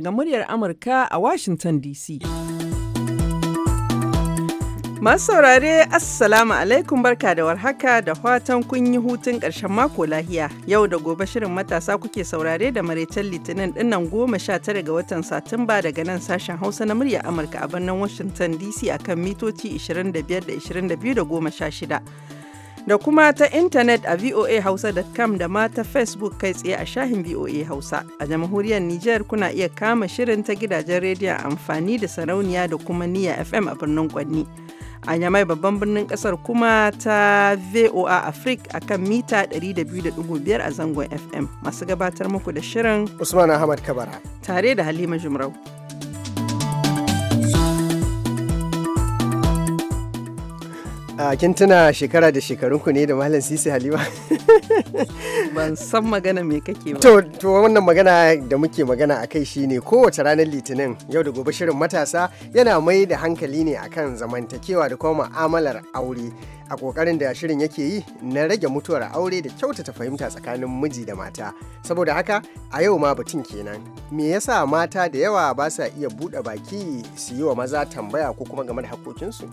daga muryar Amurka a Washington DC. Masu saurare Assalamu alaikum barka da warhaka da fatan kun yi hutun ƙarshen mako lahiya. Yau da gobe shirin matasa kuke saurare da maraicen litinin dinnan goma sha tara ga watan Satumba daga nan sashen Hausa na murya Amurka a birnin Washington DC akan mitoci 25 da 22 da shida. da kuma ta intanet a voa voahausa.com da ma ta facebook kai tsaye a shahin voa hausa a jamhuriyar niger kuna iya kama shirin ta gidajen rediyon amfani da sarauniya da kuma niya fm a birnin kwanni a yamai babban birnin kasar kuma ta voa africa a kan mita 200.5 a zangon fm masu gabatar muku da shirin usman ahmad kabara tare da halima jumrau a kin tuna shekara da shekarun ku ne da malam sisi halima ban san magana me kake ba to wannan magana da muke magana a kai shi ne kowace ranar litinin yau da gobe shirin matasa yana mai da hankali ne akan zamantakewa da kuma mu'amalar aure a kokarin da shirin yake yi na rage mutuwar aure da kyautata fahimta tsakanin miji da mata saboda haka a yau ma batun kenan me yasa mata da yawa ba sa iya buɗe baki su yi wa maza tambaya ko kuma game da hakokinsu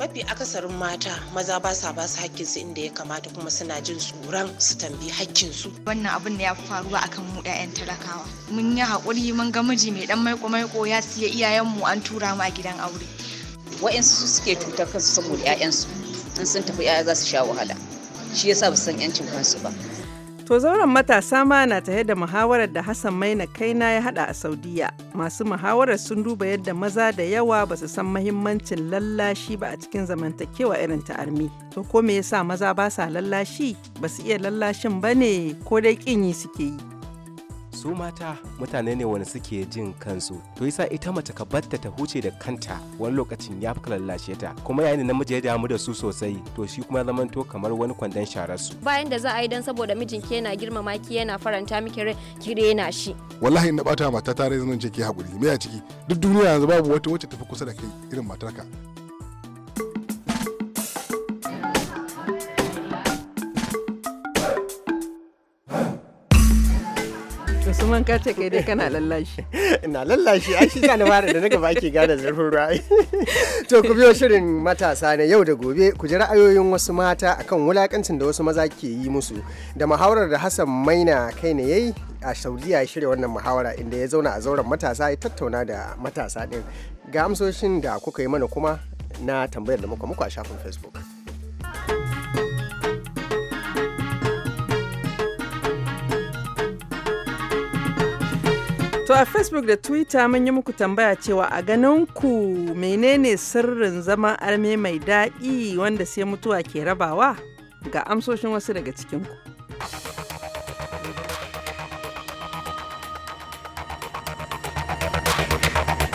mafi akasarin mata maza ba sa ba su hakkinsu inda ya kamata kuma suna jin tsoron su tambi hakkinsu wannan abin da ya fi faruwa akan mu 'ya'yan talakawa mun yi hakuri mun ga miji mai dan maiko-maiko ya siya iyayenmu an tura mu a gidan aure wa'yansu suke cutar kansu saboda ƴaƴansu in sun tafi ƴaƴa za su sha wahala shi yasa ba san 'yancin kansu ba To zauren matasa ma na tare da muhawarar da Hassan Maina kaina ya hada a Saudiya. Masu muhawarar sun duba yadda maza da yawa ba su san mahimmancin lallashi ba a cikin zamantakewa irin ta armi. To ko me yasa maza ba sa lallashi? Ba su iya lallashin ba ne ko dai kin yi suke yi. su mata mutane ne wani suke jin kansu to yasa ita mace ka batta ta huce da kanta wani lokacin ya fi lallashe ta kuma yayin da namiji ya damu da su sosai to shi kuma zaman to kamar wani kwandon sharar su bayan da za a yi dan saboda mijin ke yana girmama ki yana faranta miki rai ki rena shi wallahi in na bata mata ta rai zan ce ki hakuri me ya ciki duk duniya yanzu babu wata wacce tafi kusa da kai irin matarka su ka kace kai dai kana lallashi. Ina lallashi ai shi na fara da na gaba ake gane zurfin ra'ayi. To ku biyo shirin matasa ne yau da gobe ku ji ra'ayoyin wasu mata akan wulakancin da wasu maza ke yi musu da muhawarar da Hassan Maina kai ne yayi a Saudiya ya shirya wannan muhawara inda ya zauna a zauren matasa ya tattauna da matasa din. Ga amsoshin da kuka yi mana kuma na tambayar da muka muku a shafin Facebook. To a Facebook da Twitter mun yi muku tambaya cewa a ganin ku menene sirrin zama arme mai daɗi wanda sai mutuwa ke rabawa ga amsoshin wasu daga cikin ku.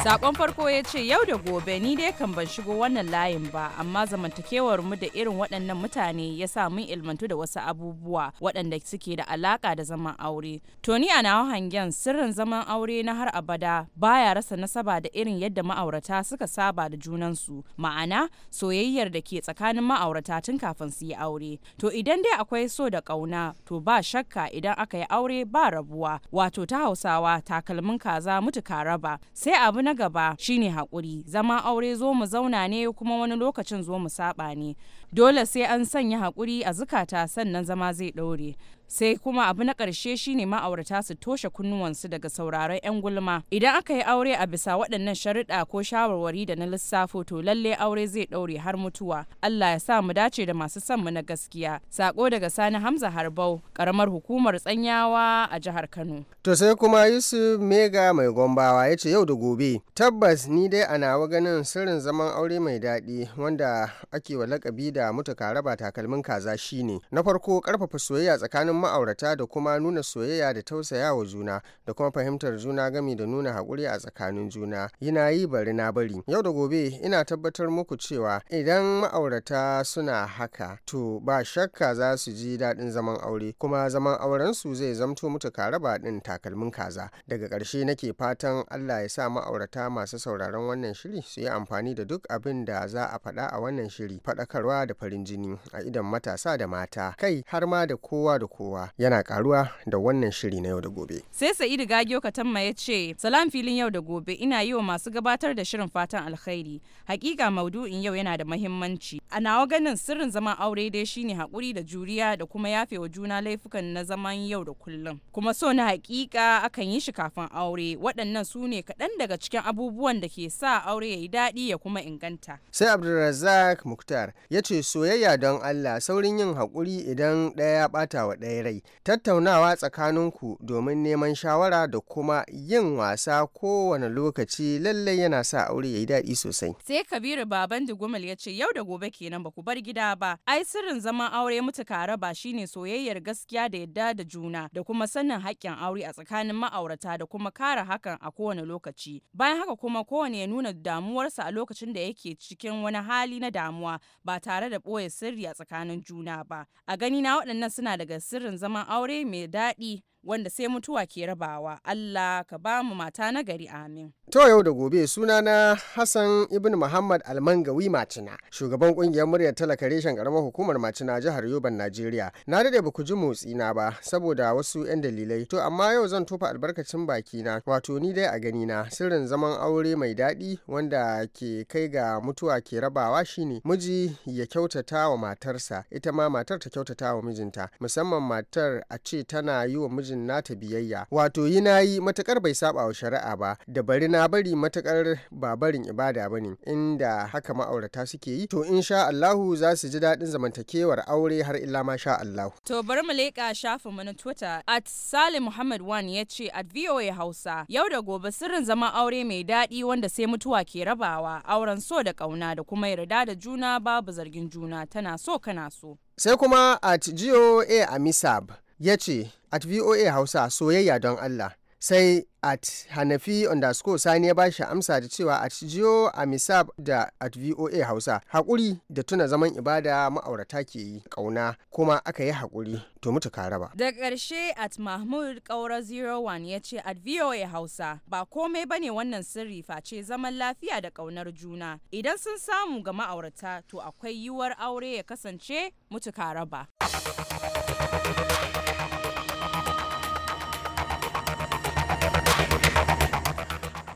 Sakon farko ya ce yau da gobe ni dai kan ban shigo wannan layin ba amma zamantakewar mu da irin waɗannan mutane ya sa mun ilmantu da wasu abubuwa waɗanda suke da alaƙa da zaman aure. To ni a nawa hangen sirrin zaman aure na har abada baya rasa nasaba da irin yadda ma'aurata suka saba da junan su ma'ana soyayyar da ke tsakanin ma'aurata tun kafin su yi aure. To idan dai akwai so da ƙauna to ba shakka idan aka yi aure ba rabuwa wato ta hausawa takalmin kaza mutu ka raba sai abu na gaba shine haƙuri zama aure zo mu zauna ne kuma wani lokacin zo mu saɓa ne dole sai an sanya haƙuri a zukata sannan zama zai ɗaure sai kuma abu na ƙarshe shine ma'aurata su toshe kunnuwansu daga sauraron 'yan gulma idan aka yi aure a bisa waɗannan sharuɗa ko shawarwari da na lissafo to lalle aure zai ɗaure har mutuwa allah ya sa mu dace da masu son mu na gaskiya sako daga sani hamza harbau ƙaramar hukumar tsanyawa a jihar kano to sai kuma yusuf mega mai gombawa ya ce yau da gobe tabbas ni dai a nawa ganin sirrin zaman aure mai daɗi wanda ake wa lakabi da mutu ka raba takalmin kaza shine na farko karfafa soyayya tsakanin tsakanin ma'aurata da kuma nuna soyayya da tausaya wa juna da kuma fahimtar juna gami da nuna haƙuri a tsakanin juna yana yi bari na bari yau da gobe ina tabbatar muku cewa idan ma'aurata suna haka to ba shakka za su ji daɗin zaman aure kuma zaman auren su zai zamto mutu karaba ɗin takalmin kaza daga ƙarshe nake fatan Allah ya sa ma'aurata masu sauraron wannan shiri su yi amfani da duk abin da za a faɗa a wannan shiri faɗakarwa da farin jini a idan matasa da mata kai har ma da kowa da kowa kowa yana karuwa da wannan shiri na yau da gobe. Sai Sa'idu Gagio Katamma ya ce, "Salam filin yau da gobe ina yi wa masu gabatar da shirin fatan alkhairi. Hakika maudu'in yau yana da mahimmanci. A nawa ganin sirrin zaman aure dai shine hakuri da juriya da kuma yafe wa juna laifukan na zaman yau da kullum. Kuma so na hakika akan yi shi kafin aure. Waɗannan su ne kaɗan daga cikin abubuwan da ke sa aure ya yi daɗi ya kuma inganta. Sai Abdulrazak Muktar ya ce soyayya don Allah saurin yin hakuri idan ɗaya ya ɓata wa ɗaya rai tattaunawa tsakaninku domin neman shawara da kuma yin wasa kowane lokaci lallai yana sa aure ya yi daɗi sosai sai kabiru baban dugumal ya ce yau da gobe kenan ba ku bar gida ba ai sirrin zaman aure ka raba shine soyayyar gaskiya da yadda da juna da kuma sanin haƙƙin aure a tsakanin ma'aurata da kuma kare hakan a kowane lokaci bayan haka kuma kowane ya nuna damuwarsa a lokacin da yake cikin wani hali na damuwa ba tare da ɓoye sirri a tsakanin juna ba a gani na waɗannan suna daga sirri burin zaman aure mai daɗi wanda sai mutuwa ke rabawa Allah ka ba mu mata nagari gari amin. To yau da gobe suna na Hassan Ibn Muhammad Almangawi Macina, shugaban kungiyar muryar talaka reshen karamar hukumar Macina jihar Yoban Najeriya. Na dade ba ku ji motsi na ba saboda wasu 'yan dalilai. To amma yau zan tofa albarkacin baki na wato ni dai a gani na sirrin zaman aure mai daɗi wanda ke kai ga mutuwa ke rabawa shine miji ya kyautata wa matarsa ita ma matar ta kyautata wa mijinta musamman matar a ce tana yi wa mijin na nata biyayya wato yi na yi matakar bai saba wa shari'a ba da bari na bari matakar ba barin ibada ba ne inda haka ma'aurata suke yi to in sha Allahu za su ji daɗin zamantakewar aure har illa ma sha Allahu. To bari mu leƙa shafin mu na Twitter at Salim Muhammad Wan ya ce at VOA Hausa yau da gobe sirrin zama aure mai daɗi wanda sai mutuwa ke rabawa auren so da ƙauna da kuma yarda da juna babu zargin juna tana so kana so. Sai kuma at GOA Amisab ya ce at voa hausa soyayya don allah sai at hanafi underscore sani ya ba shi amsa da cewa at jiyo a misab da at voa hausa haƙuri da tuna zaman ibada ma'aurata ke yi ƙauna kuma aka yi haƙuri to mutu raba. da ƙarshe at mahmud ƙaura 01 ya ce at voa hausa ba komai ba ne wannan sirri face zaman lafiya da ƙaunar juna idan sun samu ga ma'aurata to akwai yiwuwar aure ya kasance mutu raba.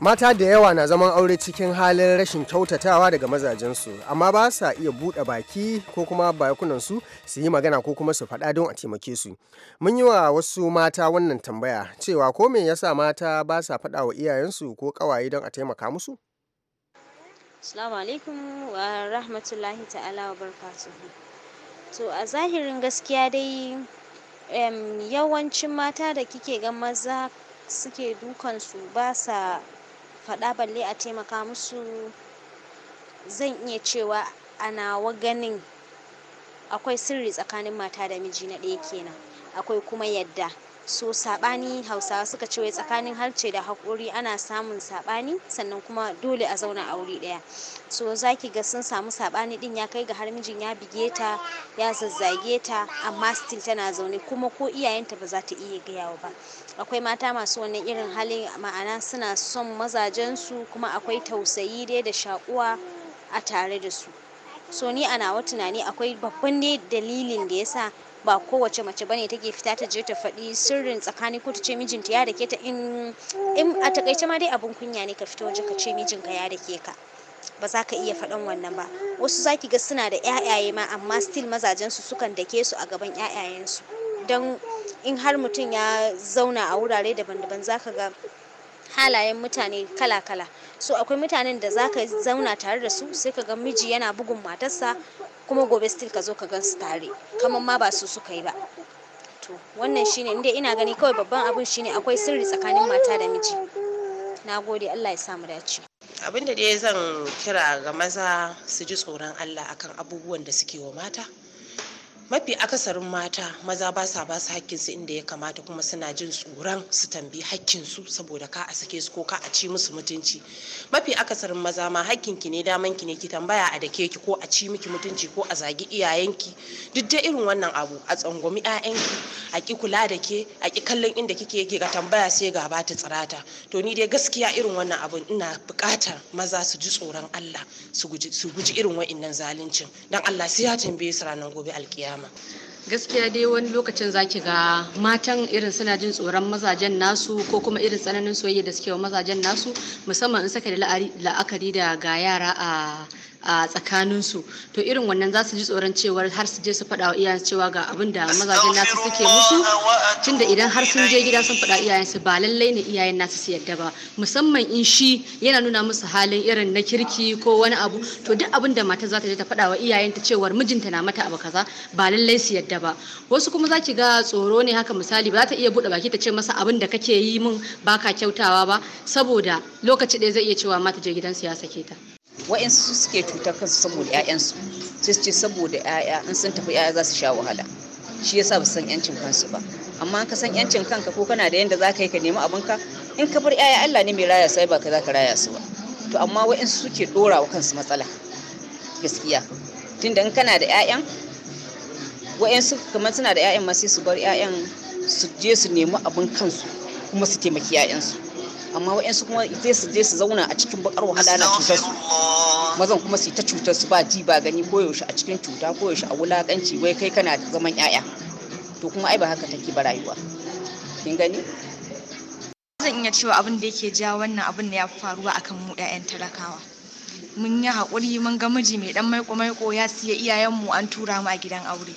mata da yawa na zaman aure cikin halin rashin kyautatawa daga mazajensu amma ba sa iya buɗe baki ko kuma bakunansu su yi magana ko kuma su faɗa don a taimake su mun yi wa wasu mata wannan tambaya cewa ko me yasa mata ba sa faɗa wa iyayensu ko kawaye don a taimaka musu Assalamu alaikum wa rahmatullahi ta'ala wa To a zahirin gaskiya dai yawancin mata da kike ga maza suke dukansu ba sa faɗa balle a taimaka musu zan iya cewa a nawa ganin akwai sirri tsakanin mata da miji na ɗaya kenan akwai kuma yadda so sabani hausawa suka ce wai tsakanin harce da haƙuri ana samun sabani sannan kuma dole a zauna a wuri ɗaya so zaki ga sun samu sabani din ya kai ga har mijin ya bige ta ya zazzage ta amma still tana zaune kuma ko iyayenta ba za ta iya gayawa ba akwai mata masu wannan irin halin ma'ana suna son mazajen su kuma akwai tausayi dai da shakuwa a tare da su so ni a nawa tunani akwai babban dalilin da yasa ba kowace mace bane take fita ta je ta faɗi sirrin tsakanin ko ta ce mijinta ya dake ta in in a takaice ma dai abun kunya ne ka fita waje ka ce mijinka ya dake ka ba za ka iya faɗan wannan ba wasu zaki ga suna da ƴaƴaye ma amma still mazajen su sukan dake su a gaban su. don in har mutum ya zauna a wurare daban-daban zaka ga halayen mutane kala-kala so akwai mutanen da zaka zauna tare da su sai ka ga miji yana bugun matarsa kuma gobe still ka zo ka gan su tare kamar ma ba su suka yi ba to wannan shine inda ina gani kawai babban abin shine akwai sirri tsakanin mata da miji na gode allah ya sa mu dace abin da dai zan kira ga maza su ji tsoron allah akan abubuwan da suke wa mata mafi akasarin mata maza ba sa ba su haƙƙinsu inda ya kamata kuma suna jin tsoron su tambi su saboda ka a sake su ko ka a ci musu mutunci mafi akasarin maza ma ki ne damanki ne ki tambaya a dake ki ko a ci miki mutunci ko a zagi iyayenki duk da irin wannan abu a tsangwami 'ya'yanki a ki kula da ke a ki kallon inda kike yake ga tambaya sai ga ba ta tsirata to ni dai gaskiya irin wannan abun ina buƙatar maza su ji tsoron Allah su guji irin wa'innan zaluncin dan Allah sai ya tambaye su ranar gobe alƙiyama gaskiya dai wani lokacin zaki ga matan irin suna jin tsoron mazajen nasu ko kuma irin tsananin soyayya da suke wa mazajen nasu musamman in saka da la'akari da ga yara a a tsakanin su to irin wannan za su ji tsoron cewar har su je su faɗa wa iyayen cewa ga abin da mazajen nasu suke musu tunda idan har sun je gida sun faɗa iyayen su ba lallai ne iyayen nasu su yadda ba musamman in shi yana nuna musu halin irin na kirki ko wani abu to duk abin da mata za ta je ta faɗa wa ta cewar mijinta na mata abu kaza ba lallai su yadda ba wasu kuma za ki ga tsoro ne haka misali ba za ta iya buɗe baki ta ce masa abin da kake yi min baka kyautawa ba saboda lokaci ɗaya zai iya cewa mata je gidan su ya sake ta su suke cutar kansu saboda 'ya'yansu su ce saboda 'ya'ya in sun tafi 'ya'ya za su sha wahala shi yasa ba san 'yancin kansu ba amma ka san 'yancin kanka ko kana da yanda za ka yi ka nemi abinka in ka bar 'ya'ya Allah ne mai raya sai ba ka za ka raya su ba to amma wa'insu suke ɗora wa kansu matsala gaskiya tunda in kana da 'ya'yan wa'yansu kamar suna da 'ya'yan ma sai su bar 'ya'yan su je su nemi abin kansu kuma su taimaki 'ya'yansu amma waɗansu kuma zai su je su zauna a cikin bakar wahala na cutar su mazan kuma su ta cutar su ba ji ba gani koyaushe a cikin cuta koyaushe a wulakanci wai kai kana zaman 'ya'ya to kuma ai ba haka take ba rayuwa kin gani zan iya cewa abin da yake ja wannan abin da ya faruwa akan mu 'ya'yan talakawa mun yi haƙuri mun ga miji mai dan maiko maiko ya siya iyayenmu an tura mu a gidan aure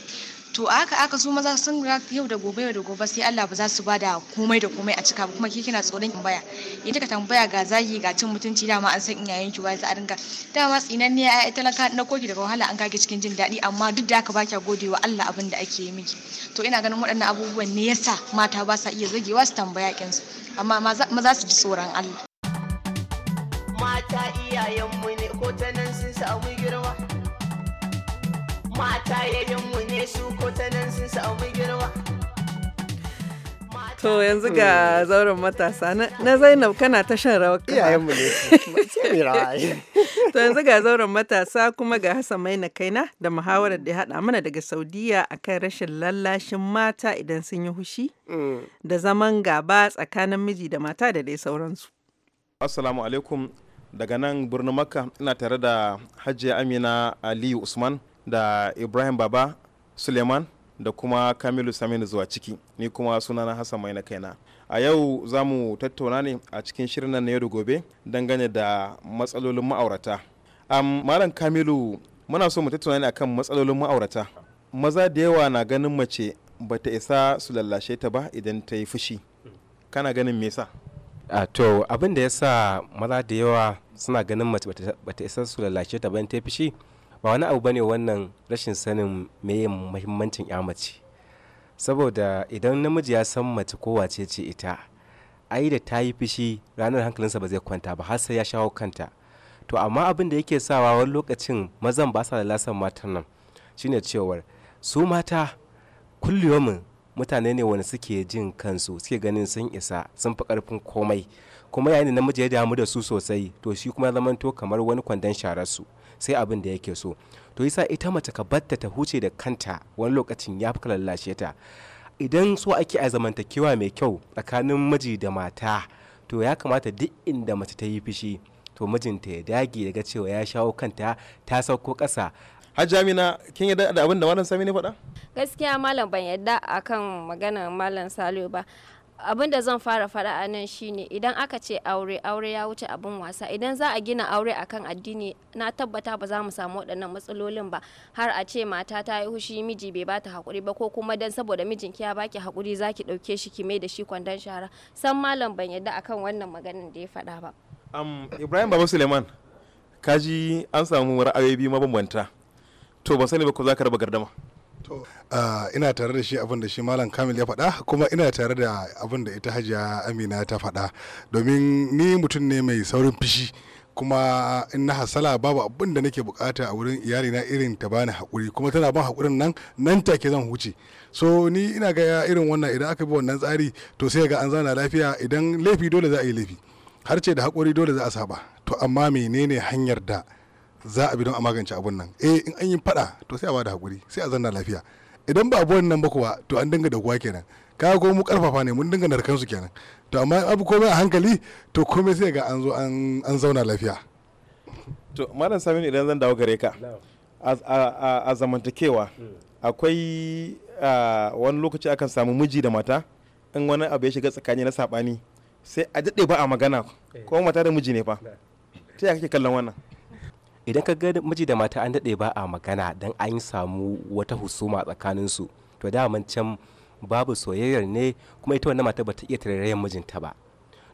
to aka aka su maza sun ga yau da gobe da gobe sai Allah ba za su bada komai da komai a cika ba kuma ke kina tsoron tambaya idan ka tambaya ga zagi ga cin mutunci dama an san iyayen ki wai za a dinga dama tsinan ne ai talaka na koki daga wahala an kage cikin jin daɗi amma duk da haka ba kya godewa Allah abin da ake yi miki to ina ganin waɗannan abubuwan ne yasa mata ba sa iya zagewa su tambaya su amma maza su ji tsoron Allah mata iyayen mu ne ko ta nan sun samu girma mata ne su ko sun samu girma To yanzu ga hmm. zauren matasa na Zainab kana ta shan rawa Iyayenmu ne. To yanzu ga zauren matasa kuma ga Hassan na kaina da muhawarar da ya haɗa mana daga Saudiya kan rashin lallashin mata idan sun yi hushi hmm. da zaman gaba tsakanin miji da mata da dai sauransu. Assalamu alaikum daga nan birnin Makka ina tare da Hajiya Amina Aliyu Usman. da ibrahim baba suleiman da kuma kamilu saminu zuwa ciki ni kuma sunana hassan mai na kaina a yau za mu tattauna ne a cikin shirin na yau da gobe dangane da matsalolin ma'aurata um, malam kamilu muna so mu tattauna ne akan matsalolin ma'aurata maza da yawa na ganin mace ba ta isa su lallashe ta ba idan ta yi fushi kana ganin me yasa a to abin da yasa maza da yawa suna ganin mace ba ta isa su lallashe ta ba idan ta yi fushi ba wani abu bane wannan rashin sanin meye muhimmancin ya mace saboda idan namiji ya san mace ko wace ce ita ai da ta yi fishi ranar hankalinsa ba zai kwanta ba har sai ya shawo kanta to amma abin da yake sawa wani lokacin mazan ba sa da lasan matan nan shine cewar su mata kulliyomin mutane ne wani suke jin kansu suke ganin sun isa sun fi karfin komai kuma yayin da namiji ya damu da su sosai to shi kuma zamanto kamar wani kwandon sharar su sai abin da yake so to yasa ita mace ka batta ta huce da kanta wani lokacin ya fi lallashe ta idan so ake a zamantakewa mai kyau tsakanin miji da mata to ya kamata duk inda mace ta yi fishi to mijinta ya dage daga cewa ya shawo kanta ta sauko kasa. Hajjamina kin yarda da abin da Malam Sami ne faɗa? Gaskiya Malam ban yarda akan maganar Malam Salo ba. abin da zan fara faɗa a nan shine idan aka ce aure aure ya wuce abin wasa idan za a gina aure akan addini na tabbata ba za mu samu waɗannan matsalolin ba har a ce mata ta yi hushi miji bai bata hakuri ba ko kuma dan saboda mijin ya baki hakuri zaki dauke shi ki mai da shi kwandon shara san malam ban yadda akan wannan maganin da ya faɗa ba ibrahim baba suleiman kaji an samu ra'ayoyi biyu mabambanta to ba sani ba ko za raba gardama Ah, ina tare da shi abin da shi malam kamil ya faɗa kuma ina tare da abin da ita hajiya amina ta faɗa domin ni mutum ne mai saurin fishi kuma in na hasala babu abin da nake bukata a wurin iyalina irin ta bani hakuri kuma tana ban hakurin nan nan take zan huce so ni ina ga irin wannan idan aka bi wannan tsari to sai ga an zana lafiya idan laifi dole za a yi laifi har ce da hakuri dole za a saba to amma menene hanyar da za a bi don a magance abun nan eh in an yi fada to sai a bada hakuri sai a zanna lafiya idan ba abun nan ba kuwa to an dinga daguwa kenan kaga ko mu karfafa ne mun dinga narkan su kenan to amma abu komai a hankali to komai sai ga an zo an zauna lafiya to malam saminu idan zan dawo gare ka a zamantakewa hmm. akwai wani lokaci akan samu miji da mata in wani abu ya shiga tsakani na sabani sai a daɗe ba a magana eh. ko mata da miji ne fa ta yaya kallon wannan idan ka ga miji da mata an daɗe ba a magana don an samu wata husuma tsakaninsu to daman can babu soyayyar ne kuma ita wannan mata bata iya tarayyar mijinta ba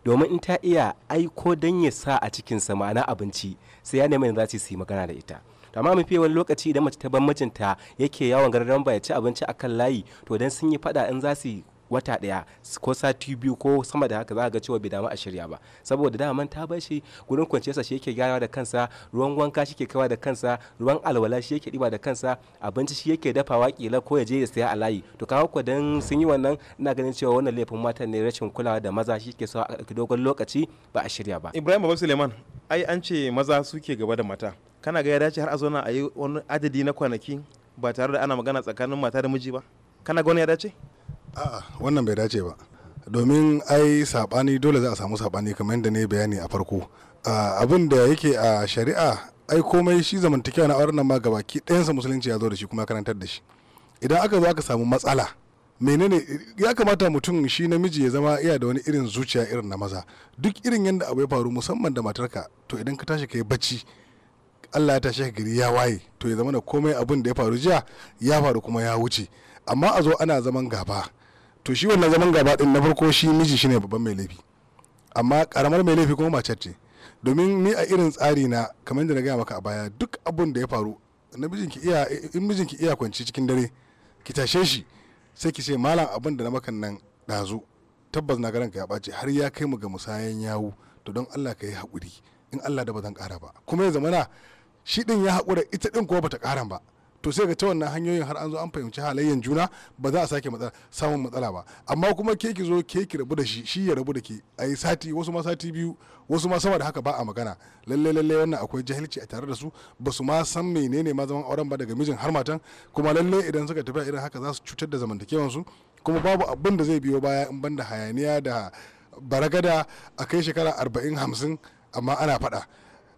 domin in ta iya aiko don ya sa a sa ma'ana abinci sai ya nemi za su yi magana da ita to amma mafi wani lokaci idan mace ta bar mijinta yake yawon gararan ba ya ci abinci akan layi to dan sun yi fada in za su wata daya ko sati biyu ko sama da haka za ga cewa bai damu a shirya ba saboda daman ta bar shi gurin kwanciyarsa shi yake gyarawa da kansa ruwan wanka shi ke kawa da kansa ruwan alwala shi yake diba da kansa abinci shi yake dafawa kila ko ya je ya saya a layi to kawo ko dan sun yi wannan ina ganin cewa wannan laifin matan ne rashin kulawa da maza shi yake sa a ɗauki dogon lokaci ba a shirya ba Ibrahim Babu Suleiman ai an ce maza suke gaba da mata kana ga ya dace har a zauna a yi wani adadi na kwanaki ba tare da ana magana tsakanin mata da miji ba kana ga wani ya dace a'a wannan bai dace ba domin ai sabani dole za a samu sabani kamar yadda ne bayani a farko abin da yake a shari'a ai komai shi zamantakewa na auren nan ma gabaki ɗayansa musulunci ya zo da shi kuma karantar da shi idan aka zo aka samu matsala menene ya kamata mutum shi namiji ya zama iya da wani irin zuciya irin na maza duk irin yadda abu ya faru musamman da matarka to idan ka tashi ka yi bacci Allah ya tashi gari ya waye to ya zama da komai abin da ya faru jiya ya faru kuma ya wuce amma a zo ana zaman gaba to shi wannan zaman gaba din na farko shi miji shine babban mai laifi amma karamar mai laifi kuma mace ce domin ni a irin tsari na kamar da na gaya maka a baya duk abun da ya faru na mijinki iya in ki iya kwanci cikin dare ki tashe shi sai ki ce malam abun da na maka nan dazu tabbas na garanka ya bace har ya kai mu ga musayan yawu to don Allah ka yi hakuri in Allah da ba zan ƙara ba kuma ya zamana shi ɗin ya hakura ita din kuma bata ƙara ba to sai ga ta wannan hanyoyin har an zo an fahimci halayyar juna ba za a sake samun matsala ba amma kuma ke ki zo ke ki rabu da shi shi ya rabu da ke a yi sati wasu ma sati biyu wasu ma sama da haka ba a magana lalle lalle wannan akwai jahilci a tare da su ba su ma san menene ma zaman auren ba daga mijin har matan kuma lalle idan suka tafi irin haka za su cutar da zamantakewan su kuma babu abin da zai biyo baya in banda hayaniya da baragada a kai shekara arba'in hamsin amma ana faɗa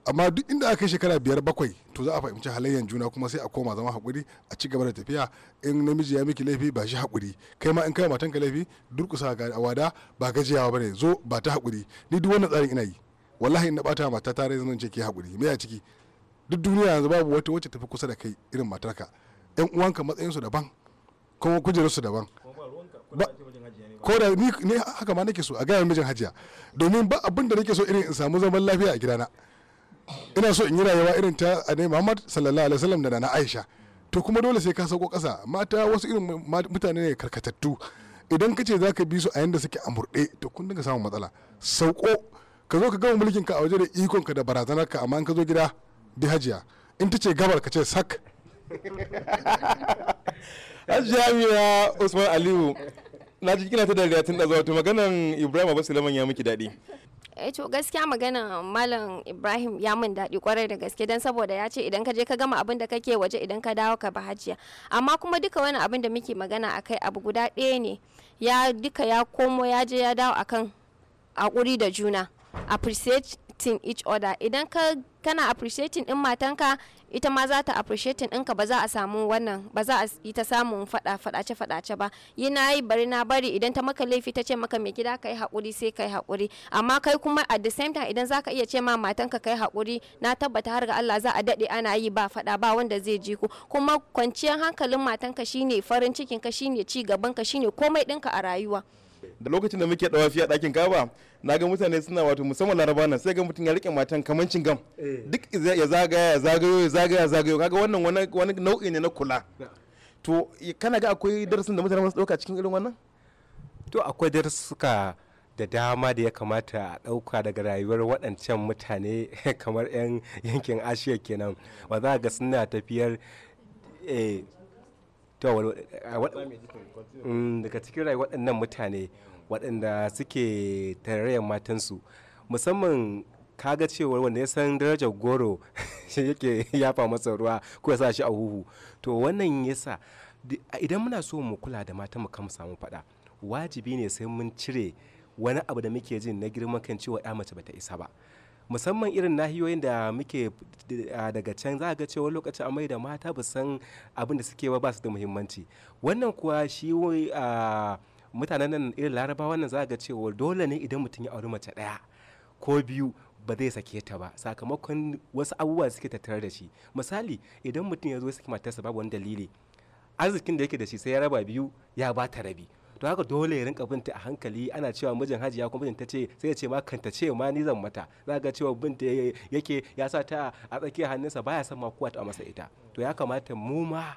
amma duk inda aka shekara biyar bakwai to za a fahimci halayyar juna kuma sai a koma zama hakuri a ci gaba da tafiya in namiji ya miki laifi ba shi hakuri kai ma in kai matanka laifi durkusa ga wada ba gajiyawa bane zo ba ta hakuri ni duk wannan tsarin ina yi wallahi in na bata mata ta rai zan ce ke hakuri me ya ciki duk duniya yanzu babu wata wacce tafi kusa da kai irin matarka yan uwanka matsayinsu daban kuma kujerarsu daban ko da ni haka ma nake so a gaya mijin hajiya domin ba abin da nake so irin in samu zaman lafiya a gidana ina so in yi rayuwa irin ta annabi muhammad sallallahu alaihi wasallam da na aisha to kuma dole sai ka sauko kasa mata wasu irin mutane ne karkatattu idan ka ce za ka bi su a yanda suke a murɗe to kun dinga samun matsala sauko ka zo ka gama mulkin ka a waje da ikon ka da barazanar ka amma in ka zo gida bi hajiya in ta ce gabar ka ce sak hajiya usman aliyu na ji kina ta dariya tun da zuwa maganan ibrahim abu suleiman ya miki daɗi eh to gaskiya magana malam ibrahim ya min daɗi kwarai da gaske don saboda ya ce idan ka je ka gama abin da kake waje idan ka dawo ka ba hajiya amma kuma duka wani abin da muke magana akai abu guda ɗaya ne ya duka ya komo ya je ya dawo akan hakuri da juna appreciate appreciating each other idan ka kana appreciating din matanka ita ma za ta appreciating ɗinka ba za a samu wannan ba za a yi ta samun faɗa faɗace ba yi na yi bari na bari idan ta maka laifi ta ce maka mai gida kai hakuri sai kai hakuri amma kai kuma at the same time idan za ka iya ce ma matanka kai hakuri na tabbata har ga Allah za a daɗe ana yi ba faɗa ba wanda zai ji ku kuma kwanciyar hankalin matanka shine farin cikinka shine ci gabanka shine komai ɗinka a rayuwa. da lokacin da muke dawafi a ɗakin kaba na ga mutane suna wato musamman laraba nan sai ga mutum ya rike matan kamancin gam eh. duk ya zagaya ya zagayo ya zagaya ya zagayo kaga wannan wani nau'i ne na kula to kana ga akwai darasin da mutane masu ɗauka cikin irin wannan to akwai darasuka da dama da ya kamata a ɗauka daga rayuwar waɗancan mutane kamar 'yan yankin ashiya kenan ba za ga suna tafiyar eh, Mm, daga cikin rayuwar waɗannan mutane waɗanda suke tarayyar matansu musamman kaga cewa wanda ya san darajar goro shi yake yafa masa ruwa ko ya sa shi a huhu to wannan yasa idan muna so mu kula da mata mu kan samu faɗa wajibi ne sai mun cire wani abu da muke jin na girman kan cewa ya mace bata isa ba musamman irin nahiyoyin da muke daga can za a ga cewa lokacin amai da mata ba san abin da suke ba su da muhimmanci wannan kuwa shi mutanen nan irin larabawa nan za a ga cewa dole ne idan mutum ya auri mace ɗaya ko biyu ba zai sake ta ba sakamakon wasu abubuwa suke tattare da shi misali idan mutum ya zo ya saki matarsa babu wani dalili arzikin da yake da shi sai ya raba biyu ya ba ta rabi to haka dole ya rinka binta a hankali ana cewa mijin ya kuma ta ce sai ya ce ma kanta ce ma ni zan mata za ga cewa binta yake ya sa ta a tsakiyar hannunsa baya son ma kowa ta masa ita to ya kamata mu ma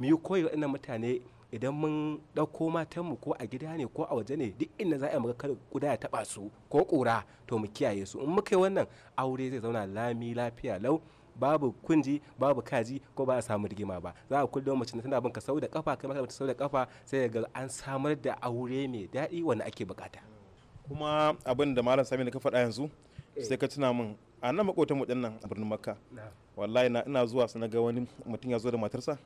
mu yi koyi waɗannan mutane idan mun ɗauko matanmu ko a gida ne ko a waje ne duk inda za a yi kar guda ya taɓa su ko ƙura to mu kiyaye su in muka yi wannan aure zai zauna lami lafiya lau babu kunji babu kaji ko ba a samu rigima ba za a kullum mace tana bin ka sau da kafa kai mata sau da kafa sai ga an samar da aure mai daɗi wanda ake bukata kuma abin da malam sami da ka faɗa yanzu sai ka tuna min a nan makotan mu dinnan a birnin makka wallahi na ina zuwa sana ga wani mutum ya zo da matarsa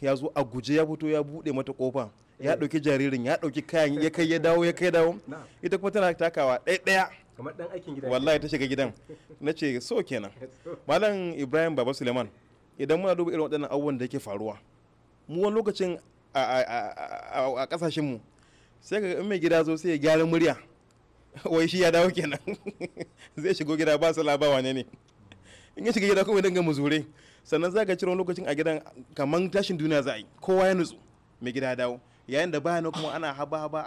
ya zo a guje ya fito ya buɗe mata kofa ya dauki eh. jaririn ya dauki kayan ya kai ya dawo ya kai dawo ita kuma tana takawa ɗaya ɗaya kamar dan aikin gida wallahi ta shiga gidan na ce so kenan malam ibrahim baba suleiman idan muna duba irin waɗannan abubuwan da yake faruwa mu wani lokacin a ƙasashenmu sai ka mai gida zo sai ya gyara murya wai shi ya dawo kenan zai shigo gida ba su labawa ne ne in ya shiga gida kuma dinga muzure sannan za ka cire wani lokacin a gidan kamar tashin duniya za a yi kowa ya nutsu mai gida dawo yayin da bayan kuma ana haba haba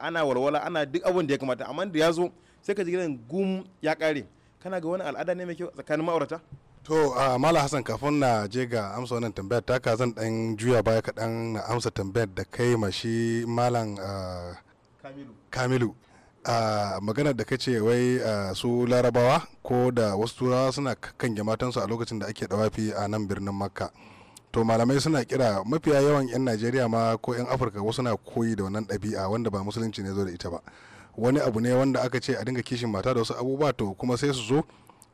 ana walwala ana duk abin da ya kamata amma da ya zo sai ka ji gidan gum ya kare kana ga wani al'ada ne mai kyau tsakanin ma'aurata to a mala hassan kafin na je ga amsa wannan tambayar taka zan dan juya baya kaɗan na amsa tambayar da kai mashi malam kamilu a maganar da kace wai su larabawa ko da wasu turawa suna kan matansu a lokacin da ake dawafi a nan birnin makka to malamai suna kira mafiya yawan 'yan najeriya ma ko 'yan afirka wasu na koyi da wannan ɗabi'a wanda ba musulunci ne zo da ita ba wani abu ne wanda aka ce a dinga kishin mata da wasu abubuwa to kuma sai su zo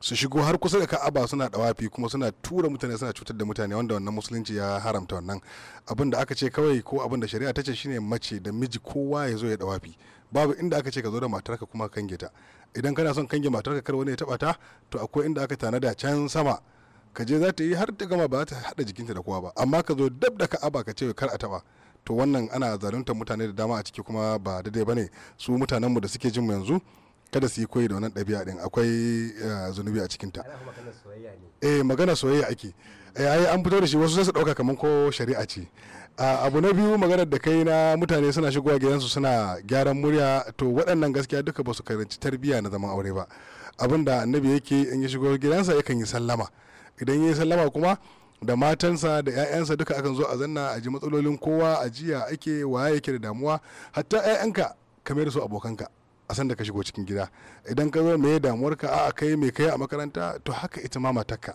su shigo har kusa da ka'aba suna dawafi kuma suna tura mutane suna cutar da mutane wanda wannan musulunci ya haramta wannan abin da aka ce kawai ko abin da shari'a ta ce shine mace da miji kowa ya zo ya dawafi babu inda aka ce ka zo da matarka kuma kange ta idan kana son kange matarka kar wani ya taba ta to akwai inda aka tanada can sama ka je za ta yi har ta gama ba za ta hada jikinta da kowa ba amma ka zo dab da ka'aba ka ce kar a taba to wannan ana zaluntar mutane da dama a ciki kuma ba daidai ne su mutanenmu da suke jin mu yanzu kada su yi koyi da wannan ɗabi'a ɗin akwai eh, zunubi a cikinta eh magana soyayya ake yayi eh, an fito da shi wasu su ɗauka kamar ko shari'a ce abu na biyu maganar da kai na mutane suna shigowa gidansu suna gyaran murya to waɗannan gaskiya duka ba su karanci tarbiyya na zaman aure ba abinda annabi yake in ya shigo gidansa yakan yi sallama idan ya yi sallama kuma da matansa da 'ya'yansa duka akan zo a zanna a ji matsalolin kowa a jiya ake waye yake da damuwa hatta 'ya'yanka ka mayar da su abokanka a san da ka shigo cikin gida idan ka zo damuwar damuwarka a kai me kai a makaranta to haka ita ma matakka.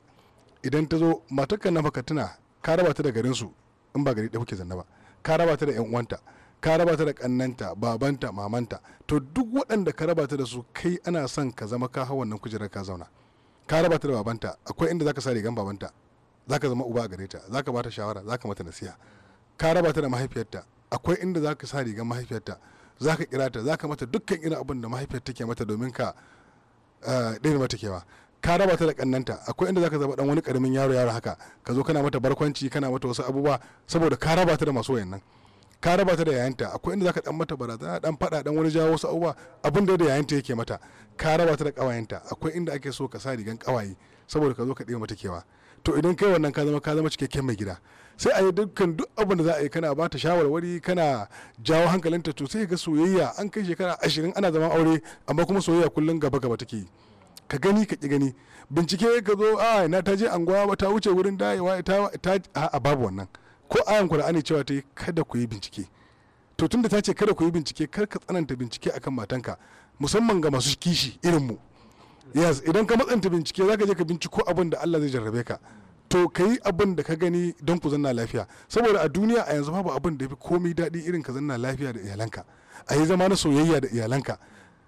idan ta zo matarka na baka tuna ka raba ta da garin su in ba gari da kuke zanna ba ka raba ta da 'yan uwanta ka raba ta da kannanta babanta mamanta to duk waɗanda ka raba ta da su kai ana son ka zama ka hau wannan kujerar ka zauna ka raba ta da babanta akwai inda zaka sa rigan babanta Za ka zama uba a gare ta zaka bata shawara ka mata nasiha ka raba ta da mahaifiyarta akwai inda za ka sa rigar mahaifiyarta ka kira ta za ka mata dukkan irin abin da mahaifiyar take mata domin ka eh, ɗaya mata kewa ka raba ta da ƙannanta akwai inda za ka zama dan wani karamin yaro yaro haka ka zo kana mata barkwanci kana mata wasu abubuwa saboda ka raba ta da masu wayannan ka raba ta da yayanta akwai inda za ka dan mata barazana dan fada dan wani jawo wasu abubuwa abin da yayanta yake mata ka raba ta da ƙawayenta akwai inda ake so ka sa rigan ƙawaye saboda ka zo ka ɗaya mata kewa to idan kai wannan ka zama ka zama cikakken mai gida sai a yi dukkan duk abin da za a yi kana bata shawarwari kana jawo hankalinta to sai ga soyayya an kai shekara ashirin ana zama aure amma kuma soyayya kullum gaba gaba take ka gani ka ki gani bincike ka zo a na ta je anguwa ta wuce wurin dayewa ta a babu wannan ko ayan kur'ani cewa ta yi kada ku yi bincike to tun da ta ce kada ku yi bincike kar ka tsananta bincike akan matanka musamman ga masu kishi irin mu yes idan ka matsanta bincike zaka je ka binciko abin da Allah zai jarrabe ka to ka yi abin da ka gani don ku zanna lafiya saboda a duniya a yanzu babu abin da fi komai daɗi irin ka zanna lafiya da iyalanka a yi zama na soyayya da iyalanka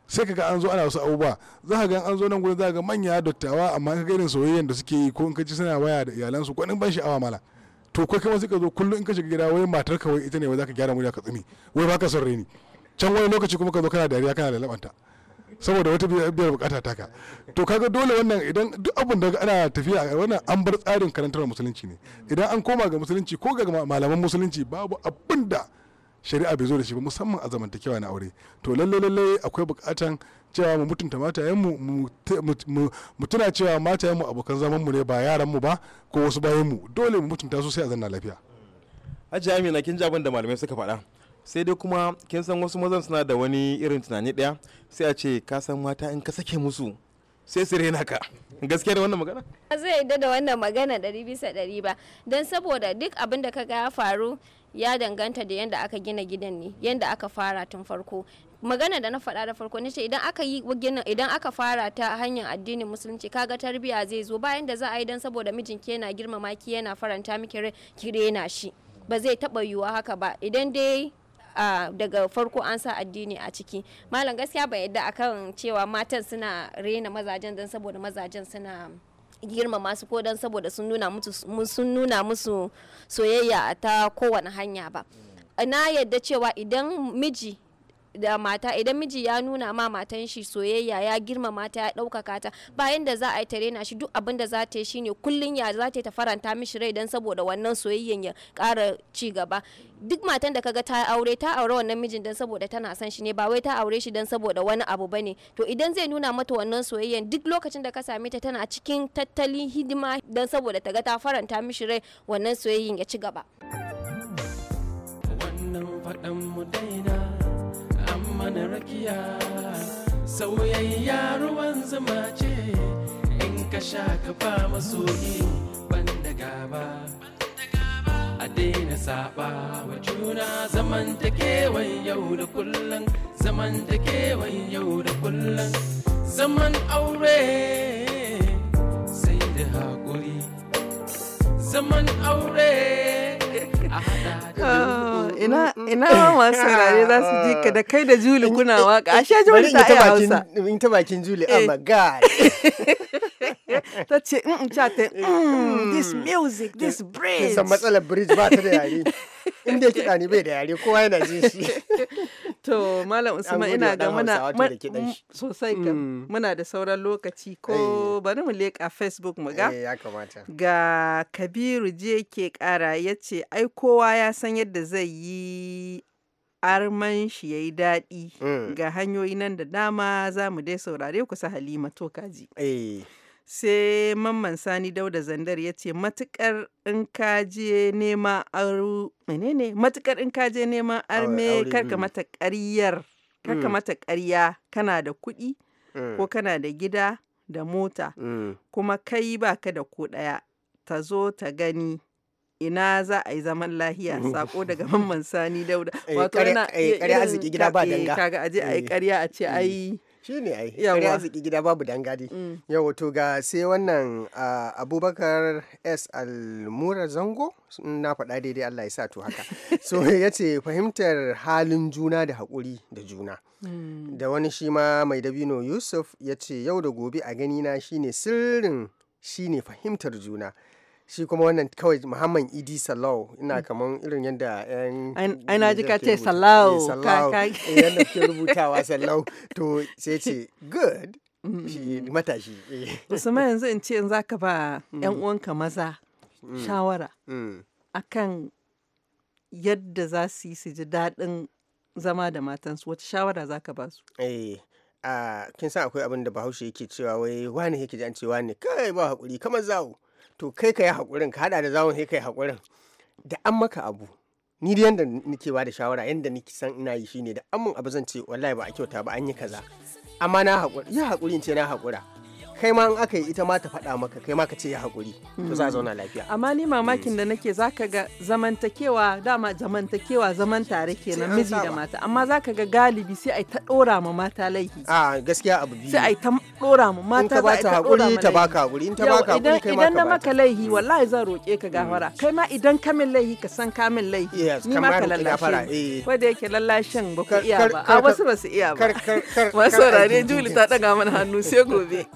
sai ga an zo ana wasu abubuwa za ka ga an zo nan gurin za ga manya dattawa amma ka ga irin soyayyan da suke yi ko in ka ci suna waya da iyalansu kwanin ban sha'awa mala to kai kuma suka zo kullum in ka shiga gida wai matar ka wai ita ne wai za ka gyara murya ka tsini wai ba ka son reni can wani lokaci kuma ka zo kana dariya kana da labanta saboda wata biyar bukata ta ka to kaga dole wannan idan duk abin da ana tafiya a wannan an bar tsarin karantar musulunci ne idan an koma ga musulunci ko ga malaman musulunci babu abin da shari'a bai zo da shi ba musamman a zamantakewa na aure to lalle lalle akwai bukatan cewa mu mutunta matayenmu mu tuna cewa matayenmu abokan zaman mu ne ba yaran mu ba ko wasu bayan mu dole mu mutunta su sai a zanna lafiya Hajji Amina kin ji abin da malamai suka faɗa sai dai kuma kin san wasu mazan suna da wani irin tunani daya sai a ce ka san mata in ka sake musu sai su rena ka gaskiya da wannan magana zai yadda da wannan magana ɗari bisa ɗari ba don saboda duk abin da kaga ya faru ya danganta da yadda aka gina gidan ne yadda aka fara tun farko magana da na faɗa da farko nace idan aka yi gina idan aka fara ta hanyar addinin musulunci kaga tarbiya zai zo bayan da za a yi don saboda mijinki yana girmama ki yana faranta miki rai ki rena shi ba zai taɓa yiwuwa haka ba idan dai daga farko an sa addini a ciki malam gaskiya bai yadda akan cewa matan suna rena mazajen don saboda mazajen suna girmama su ko don saboda sun nuna musu soyayya ta kowane hanya ba na yadda cewa idan miji da mata idan miji ya nuna ma matan shi soyayya ya girmama ta ya ɗaukaka ta bayan da za a yi tare na shi duk abin da za ta yi shine kullun ya za ta faranta mishi rai dan saboda wannan soyayyan ya ƙara ci gaba duk matan da kaga ta aure ta aure wannan mijin dan saboda tana son shi ne ba wai ta aure shi dan saboda wani abu bane to idan zai nuna mata wannan soyayyan duk lokacin da ka same ta tana cikin tattalin hidima dan saboda ta ga ta faranta mishi rai wannan soyayyan ya ci gaba wannan faɗan mu daina mana rakiya sauyayya ruwan zuma ce in ka sha ka ba ban banda gaba a daina saba wa juna zamantakewan yau da kullum zamantakewan yau da kullum zaman aure sai da haƙuri zaman aure Ah, mm, mm. ina ma masu saurare za su ji ka da kai da Juli kuna waka. Ashe Juli ta iya Hausa. In ta bakin Juli, oh eh. my God. Ta ce, in mm, ta eh, eh, this music, this bridge. Kisan matsalar bridge ba ta da yare. inda kiɗa bai da yare kowa yana jin shi to malam usman ina ga muna sosai kan hmm. muna da sauran lokaci ko bari mu leka facebook mu ga eh, ya kamata ga kabiru je ke kara ya ce ai kowa ya san yadda zai yi arman shi ya yi daɗi hmm. ga hanyoyi nan da dama za mu dai saurare kusa halima to kaji. Eh. sai mamman sani dauda zandar ya ce matukar in ka je nema aro menene matukar in ka je nema arme karka mm. mata ƙaryar karka mm. mata ƙarya kana da kuɗi mm. ko kana da gida da mota kuma kai baka da ko ɗaya ta zo ta gani ina za a yi zaman lahiya sako daga mamman sani dauda eh, wato na ƙarya eh, arziki gida ba eh, danga kaga aje a yi ƙarya a ce ai shi ne ai yawa arziki gida babu dangadi mm. yau to ga sai wannan abubakar s almura zango na faɗa daidai allah ya sa to haka so ya ce fahimtar halin juna da haƙuri da juna mm. da wani shi ma mai dabino yusuf ya ce yau da gobe a gani na shine sirrin shine fahimtar juna shi kuma wannan kawai muhammad idi salau ina mm. kaman irin yadda yan aina na ji ka ce salau eh, eh, yadda ke rubutawa salau to sai ce good mm-hmm. shi matashi eh. ma yanzu in ce in zaka ba yan mm. uwanka maza mm. shawara akan yadda za su yi su ji daɗin zama da matansu wata shawara za ka ba su kin san akwai abin da bahaushe yake cewa wai wani yake ji an ce wani kai ba haƙuri kamar zawo to kai ka yi haƙurin ka haɗa da zawon sai ka yi haƙurin da an maka abu ni da yanda nake ba da shawara yanda nake san ina yi shine da an mun abu zan ce wallahi ba a kyauta ba an yi kaza amma na haƙuri ya haƙuri ce na haƙura kai ma in aka yi ita ma ta faɗa maka kai ma ka ce ya haƙuri to za a zauna lafiya amma ni mamakin da nake zaka ga zamantakewa dama zamantakewa zaman tare kenan miji da mata amma zaka ga galibi sai ai ta ɗora ma mata laifi a gaskiya abu biyu sai ai ta ɗora ma mata za ta haƙuri ta baka haƙuri in ta baka haƙuri kai ma idan na maka laifi mm. wallahi zan roƙe ka gafara mm. kai ma idan ka min laifi ka san ka min laifi ni ma ka lallashe eh. ko da yake lallashin ba ku iya ba a wasu ba su iya ba wasu rane juli ta daga mana hannu sai gobe